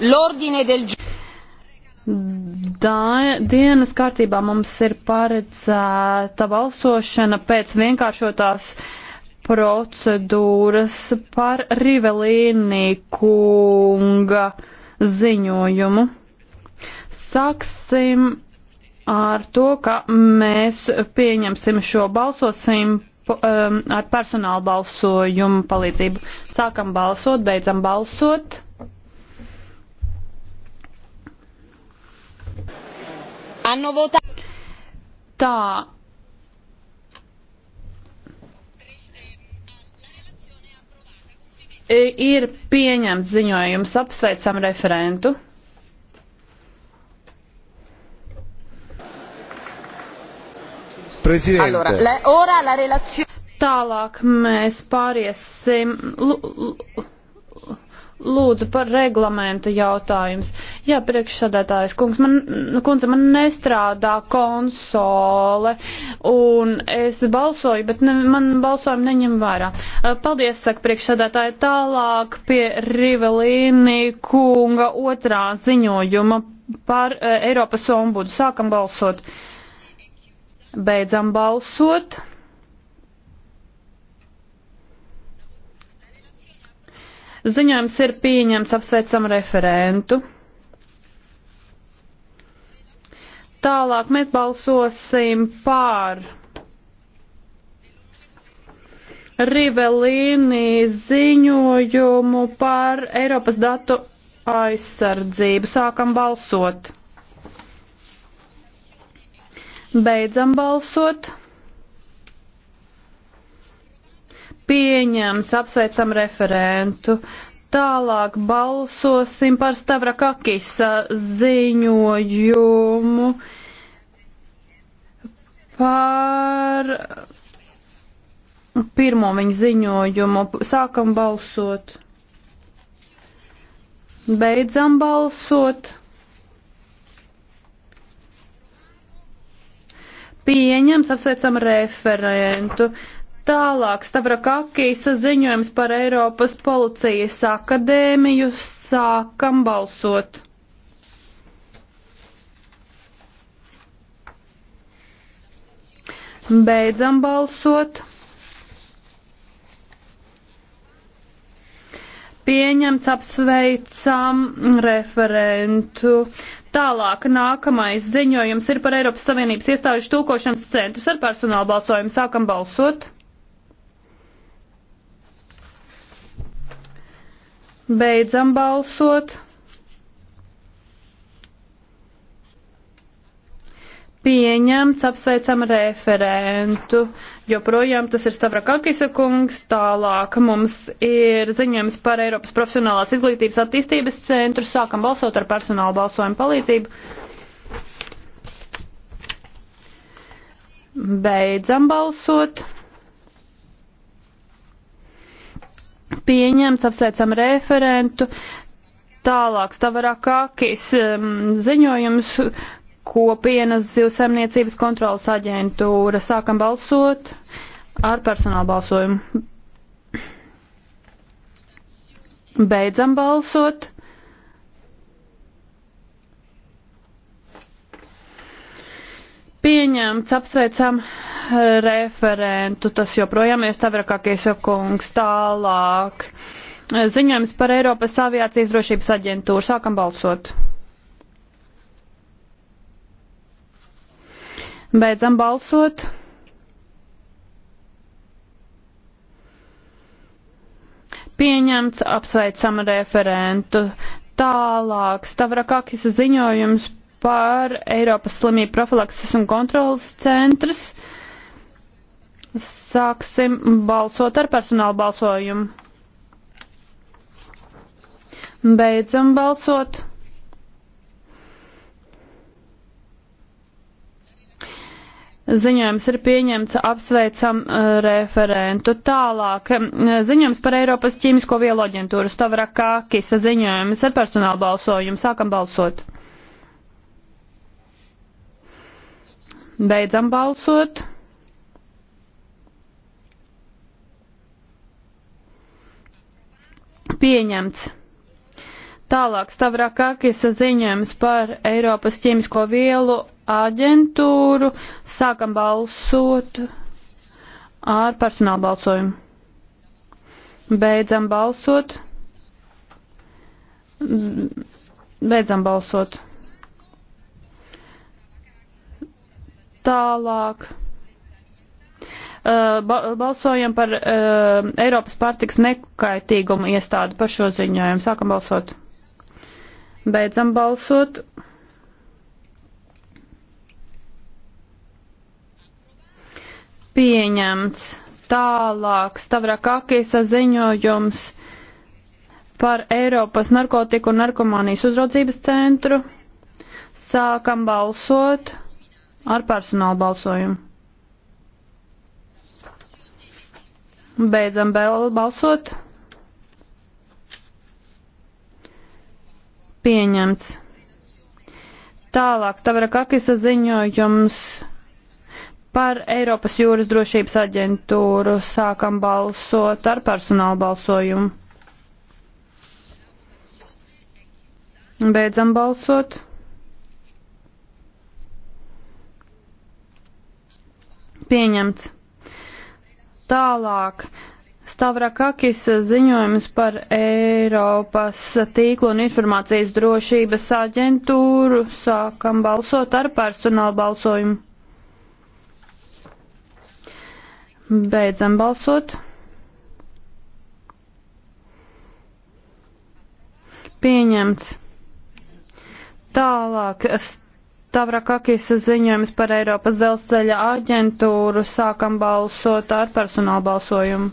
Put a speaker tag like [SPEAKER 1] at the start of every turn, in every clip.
[SPEAKER 1] L'ordine del Da, dienas kārtībā mums ir paredzēta balsošana pēc vienkāršotās procedūras par Rivelīnī kunga ziņojumu. Sāksim ar to, ka mēs pieņemsim šo balsosim um, ar personāla balsojumu palīdzību. Sākam balsot, beidzam balsot. hanno votato. Tā. Ir pieņemts ziņojums, apsveicam referentu. Presidente. Allora, la, ora la relazione. Tālāk mēs pāriesim. L, l, lūdzu par reglamenta jautājums. Jā, priekšsādātājs kungs, man, nu, kundze, man nestrādā konsole, un es balsoju, bet ne, man balsojumu neņem vērā. Paldies, saka priekšsādātāji, tālāk pie Rivelīni kunga otrā ziņojuma par uh, Eiropas ombudu. Sākam balsot. Beidzam balsot. Ziņojums ir pieņemts, apsveicam referentu. Tālāk mēs balsosim pār Rivelīni ziņojumu par Eiropas datu aizsardzību. Sākam balsot. Beidzam balsot. pieņemts, apsveicam referentu. Tālāk balsosim par Stavrakakis uh, ziņojumu par pirmo viņa ziņojumu. Sākam balsot. Beidzam balsot. Pieņems, apsveicam referentu. Tālāk Stavrakakijas ziņojums par Eiropas policijas akadēmiju sākam balsot. Beidzam balsot. Pieņemts apsveicam referentu. Tālāk nākamais ziņojums ir par Eiropas Savienības iestāžu tulkošanas centrus ar personālu balsojumu. Sākam balsot. Beidzam balsot. Pieņemts, apsveicam referentu. Joprojām tas ir Stavrakakisa kungs. Tālāk mums ir ziņojums par Eiropas profesionālās izglītības attīstības centru. Sākam balsot ar personāla balsojumu palīdzību. Beidzam balsot. pieņemts, apsveicam referentu. Tālāk Stavarakakis um, ziņojums kopienas zivsaimniecības kontrolas aģentūra. Sākam balsot ar personālu balsojumu. Beidzam balsot. Pieņemts, apsveicam referentu, tas joprojām ir Stavrakakis kungs tālāk. Ziņojums par Eiropas aviācijas drošības aģentūru. Sākam balsot. Beidzam balsot. Pieņemts, apsveicam referentu. Tālāk Stavrakakis ziņojums par Eiropas slimību profilakses un kontrolas centrs. Sāksim balsot ar personālu balsojumu. Beidzam balsot. Ziņojums ir pieņemts, apsveicam uh, referentu. Tālāk, um, ziņojums par Eiropas ķīmisko vielu aģentūru Stavrakakis ziņojums ar personālu balsojumu. Sākam balsot. Beidzam balsot. pieņemts. Tālāk Stavrakakis ziņojums par Eiropas ķīmisko vielu aģentūru. Sākam balsot ar personālu balsojumu. Beidzam balsot. Beidzam balsot. Tālāk. Eh, balsojam par uh, Eiropas pārtiks nekaitīgumu iestādi par šo ziņojumu. Sākam balsot. Beidzam balsot. Pieņemts. Tālāk Stavrakakisa ziņojums par Eiropas narkotiku un narkomānijas uzraudzības centru. Sākam balsot ar personālu balsojumu. Beidzam balsot. Pieņemts. Tālāk, Tavarakakisa ziņojums par Eiropas jūras drošības aģentūru sākam balsot ar personālu balsojumu. Beidzam balsot. Pieņemts. Tālāk. Stavrakakis ziņojums par Eiropas tīklu un informācijas drošības aģentūru. Sākam balsot ar personālu balsojumu. Beidzam balsot. Pieņemts. Tālāk. St Stavrakakis ziņojums par Eiropas dzelzceļa aģentūru sākam balsot ar personālu balsojumu.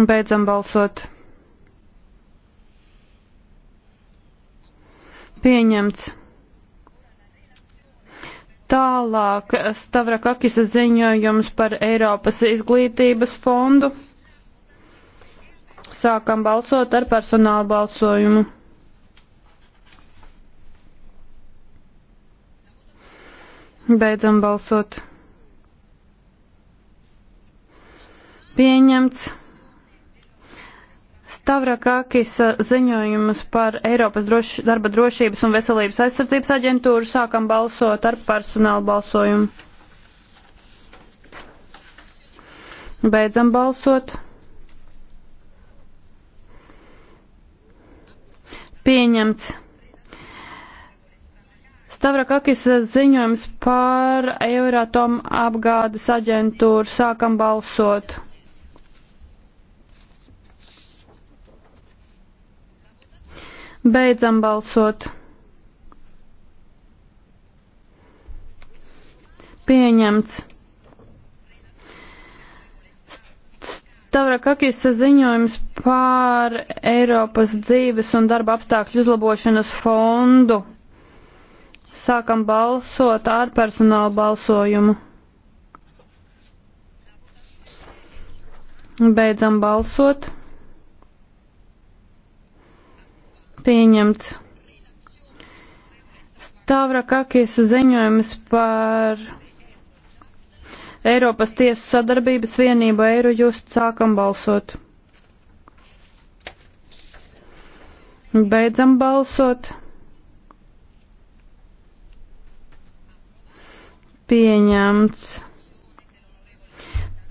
[SPEAKER 1] Un beidzam balsot. Pieņemts. Tālāk Stavrakakis ziņojums par Eiropas izglītības fondu sākam balsot ar personālu balsojumu. Beidzam balsot. Pieņemts. Stavrakakis uh, ziņojumus par Eiropas droši, darba drošības un veselības aizsardzības aģentūru sākam balsot ar personālu balsojumu. Beidzam balsot. pieņemts. Stavrakakis ziņojums par Euratom apgādes aģentūru sākam balsot. Beidzam balsot. Pieņemts. Tavrakakis ziņojums pār Eiropas dzīves un darba apstākļu uzlabošanas fondu. Sākam balsot ar personālu balsojumu. Beidzam balsot. Pieņemts. Stavra Kakis ziņojums par Eiropas tiesu sadarbības vienību Eirojust sākam balsot. Beidzam balsot. Pieņemts.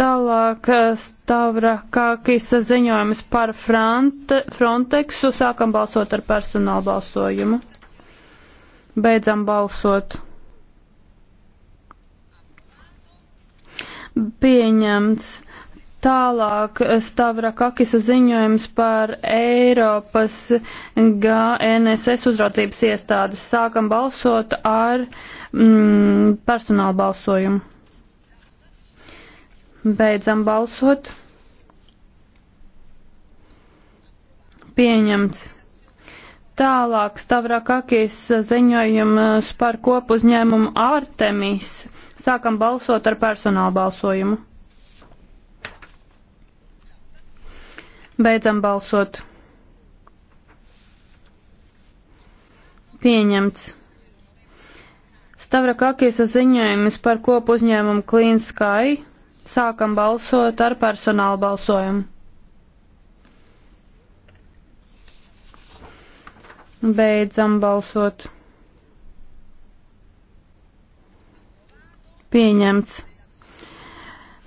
[SPEAKER 1] Tālāk eh, Stavra Kākisa ziņojums par front, Frontexu. Sākam balsot ar personālu balsojumu. Beidzam balsot. pieņemts. Tālāk Stavra Kakisa ziņojums par Eiropas GNSS uzraudzības iestādes. Sākam balsot ar mm, personālu balsojumu. Beidzam balsot. Pieņemts. Tālāk Stavra Kakisa ziņojums par kopu uzņēmumu Artemis Sākam balsot ar personālu balsojumu. Beidzam balsot. Pieņemts. Stavra Kakisa ziņojums par kopu uzņēmumu Clean Sky. Sākam balsot ar personālu balsojumu. Beidzam balsot. pieņemts.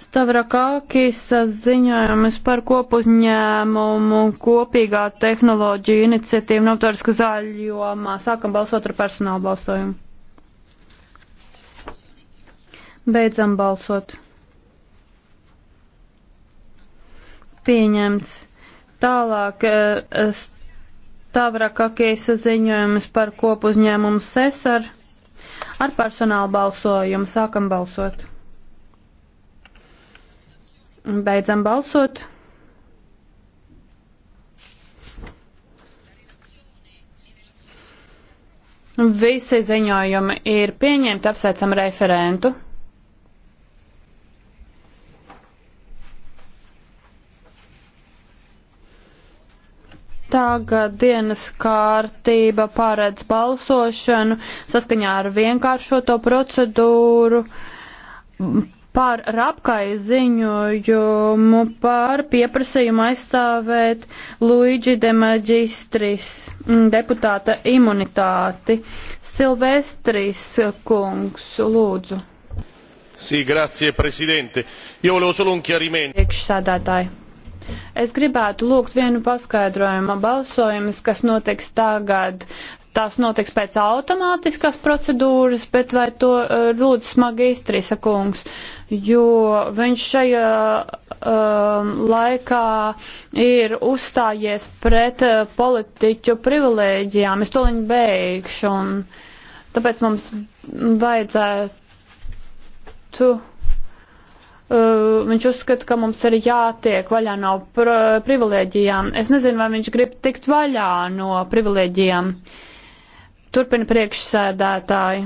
[SPEAKER 1] Stavrakākis ziņojums par kopuzņēmumu kopīgā tehnoloģija iniciatīva novatorisku zāļu jomā. Sākam balsot ar personālu balsojumu. Beidzam balsot. Pieņemts. Tālāk eh, Stavrakākis ziņojums par kopuzņēmumu sesaru ar personālu balsojumu. Sākam balsot. Beidzam balsot. Visi ziņojumi ir pieņemti, apsveicam referentu. Tagad dienas kārtība paredz balsošanu saskaņā ar vienkāršoto procedūru par rapkai ziņojumu par pieprasījumu aizstāvēt Luigi de Magistris mm, deputāta imunitāti. Silvestris kungs, lūdzu. Sī, grazie, prezidente. Jau vēl solo un chiarimento. Priekšsādātāji. Es gribētu lūgt vienu paskaidrojumu balsojumus, kas notiks tagad. Tās notiks pēc automātiskās procedūras, bet vai to eh, lūdzu smagi iztrisa kungs, jo viņš šajā um, laikā ir uzstājies pret eh, politiķu privilēģijām. Es to viņu beigšu, un tāpēc mums vajadzētu. Uh, viņš uzskata, ka mums ir jātiek vaļā no pr privilēģijām. Es nezinu, vai viņš grib tikt vaļā no privilēģijām. Turpina priekšsēdētāji.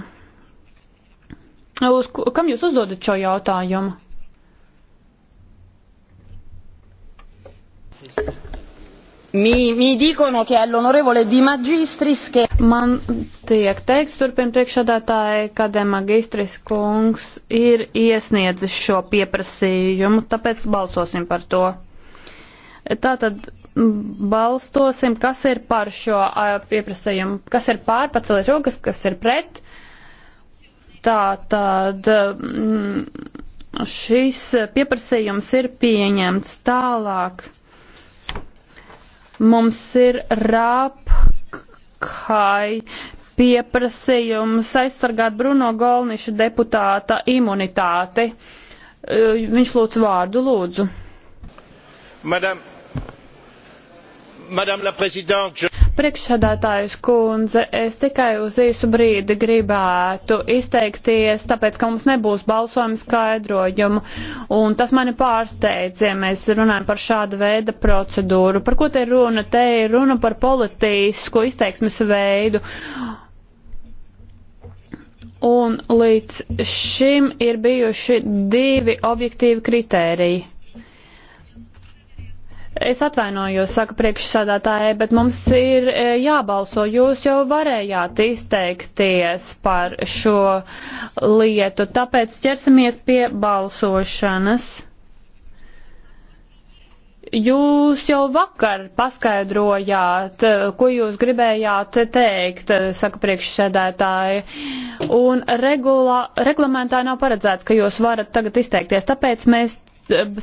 [SPEAKER 1] Uz, kam jūs uzdodat šo jautājumu? Mi, mi dicono che all'onorevole Di Magistris, che... Man tiek teiks turpin priekšādātāji, ka De Magistris kungs ir iesniedzis šo pieprasījumu, tāpēc balsosim par to. Tātad balstosim, kas ir par šo pieprasījumu, kas ir pār, paceliet rokas, kas ir pret. Tātad mm, šis pieprasījums ir pieņemts tālāk. Mums ir rāpkai pieprasījums aizsargāt Bruno Golniša deputāta imunitāti. E, viņš lūdz vārdu, lūdzu. Madam, Madam la Prezidente, Priekšsēdētājs kundze, es tikai uz īsu brīdi gribētu izteikties, tāpēc, ka mums nebūs balsojuma skaidrojumu, un tas mani pārsteidz, ja mēs runājam par šādu veidu procedūru. Par ko te ir runa? Te ir runa par politisku izteiksmes veidu. Un līdz šim ir bijuši divi objektīvi kritēriji Es atvainojos, saka priekšsādātāja, bet mums ir e, jābalso. Jūs jau varējāt izteikties par šo lietu, tāpēc ķersimies pie balsošanas. Jūs jau vakar paskaidrojāt, e, ko jūs gribējāt teikt, e, saka priekšsēdētāji, un regulā, reglamentā nav paredzēts, ka jūs varat tagad izteikties, tāpēc mēs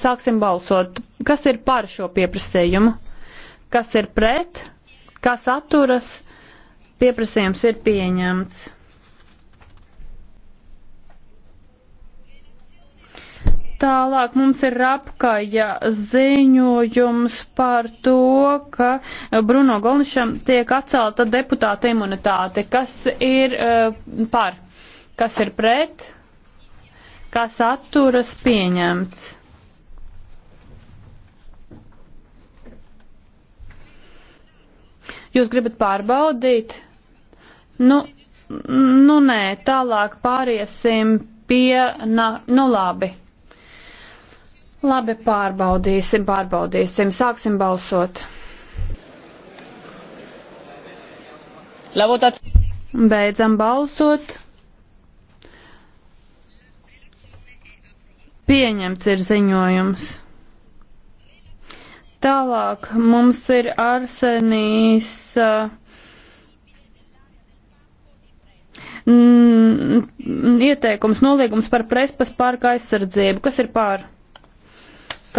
[SPEAKER 1] sāksim balsot Kas ir par šo pieprasījumu? Kas ir pret? Kas atturas? Pieprasījums ir pieņemts. Tālāk mums ir apkaja ziņojums par to, ka Bruno Golnišam tiek atcelta deputāta imunitāte. Kas ir uh, par? Kas ir pret? Kas atturas pieņemts? Jūs gribat pārbaudīt? Nu, nu nē, tālāk pāriesim pie, na, nu labi. Labi, pārbaudīsim, pārbaudīsim, sāksim balsot. Beidzam balsot. Pieņemts ir ziņojums. Tālāk mums ir arsenijs. Mm, ieteikums, noliegums par prespas pārka aizsardzību. Kas ir pār?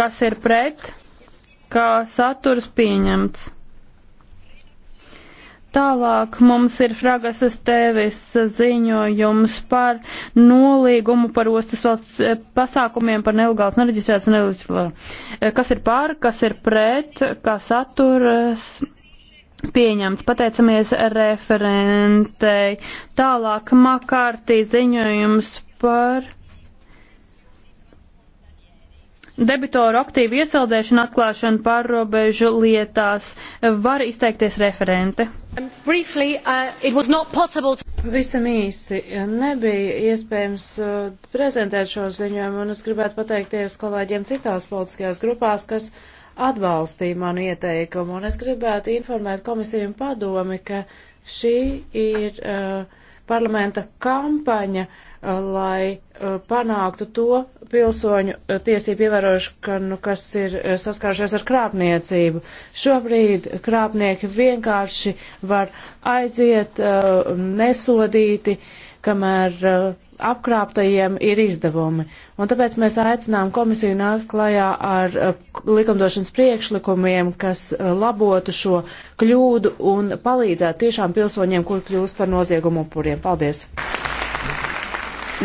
[SPEAKER 1] Kas ir pret? Kā saturs pieņemts? Tālāk mums ir Fragasas tēvis ziņojums par nolīgumu par ostas valsts eh, pasākumiem par nelegāls nereģistrēts un nelegāls. Kas ir pār, kas ir pret, kas atturas. Pieņemts, pateicamies referentei. Tālāk Makārtī ziņojums par debitoru aktīvu iesaldēšanu atklāšanu pārrobežu lietās. Var izteikties referente. Um, briefly, uh, to... Visam īsi nebija iespējams uh, prezentēt šo ziņojumu, un es gribētu pateikties kolēģiem citās politiskajās grupās, kas atbalstīja manu ieteikumu, un es gribētu informēt komisiju un padomi, ka šī ir uh, parlamenta kampaņa, uh, lai uh, panāktu to pilsoņu uh, tiesību ievērošanu, kas ir saskāršies ar krāpniecību. Šobrīd krāpnieki vienkārši var aiziet nesodīti, kamēr apkrāptajiem ir izdevumi. Un tāpēc mēs aicinām komisiju nākt klajā ar eh, likumdošanas priekšlikumiem, kas eh, labotu šo kļūdu un palīdzētu tiešām pilsoņiem, kur kļūst par noziegumu upuriem. Paldies!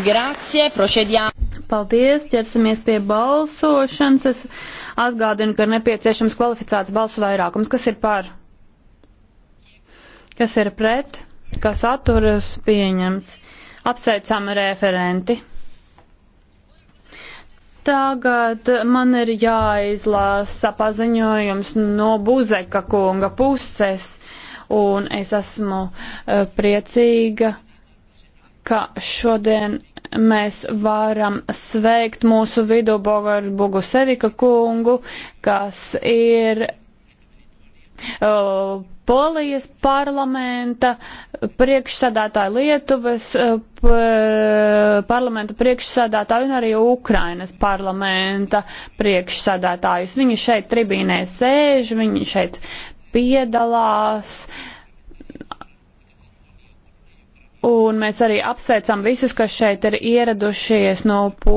[SPEAKER 1] Grācie, prošēdjā! Paldies, ķersimies pie balsošanas. Es atgādinu, ka ir nepieciešams kvalificēts balsu vairākums. Kas ir par? Kas ir pret? Kas atturas pieņems? Apsveicam referenti. Tagad man ir jāizlasa paziņojums no Buzeka kunga puses, un es esmu e, priecīga, ka šodien mēs varam sveikt mūsu vidu Bogaru Bugusevika kungu, kas ir uh, Polijas parlamenta priekšsādātāja, Lietuvas eh, parlamenta priekšsādātāja un arī Ukrainas parlamenta priekšsādātājus. Viņi šeit tribīnē sēž, viņi šeit piedalās. Un mēs arī apsveicam visus, kas šeit ir ieradušies no.